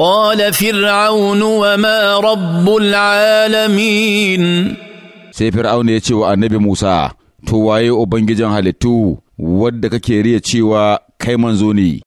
قال فرعون ma رب العالمين sai fir'aun ya ce wa annabi Musa to waye ubangijin halittu wadda kake riya cewa kai manzo ne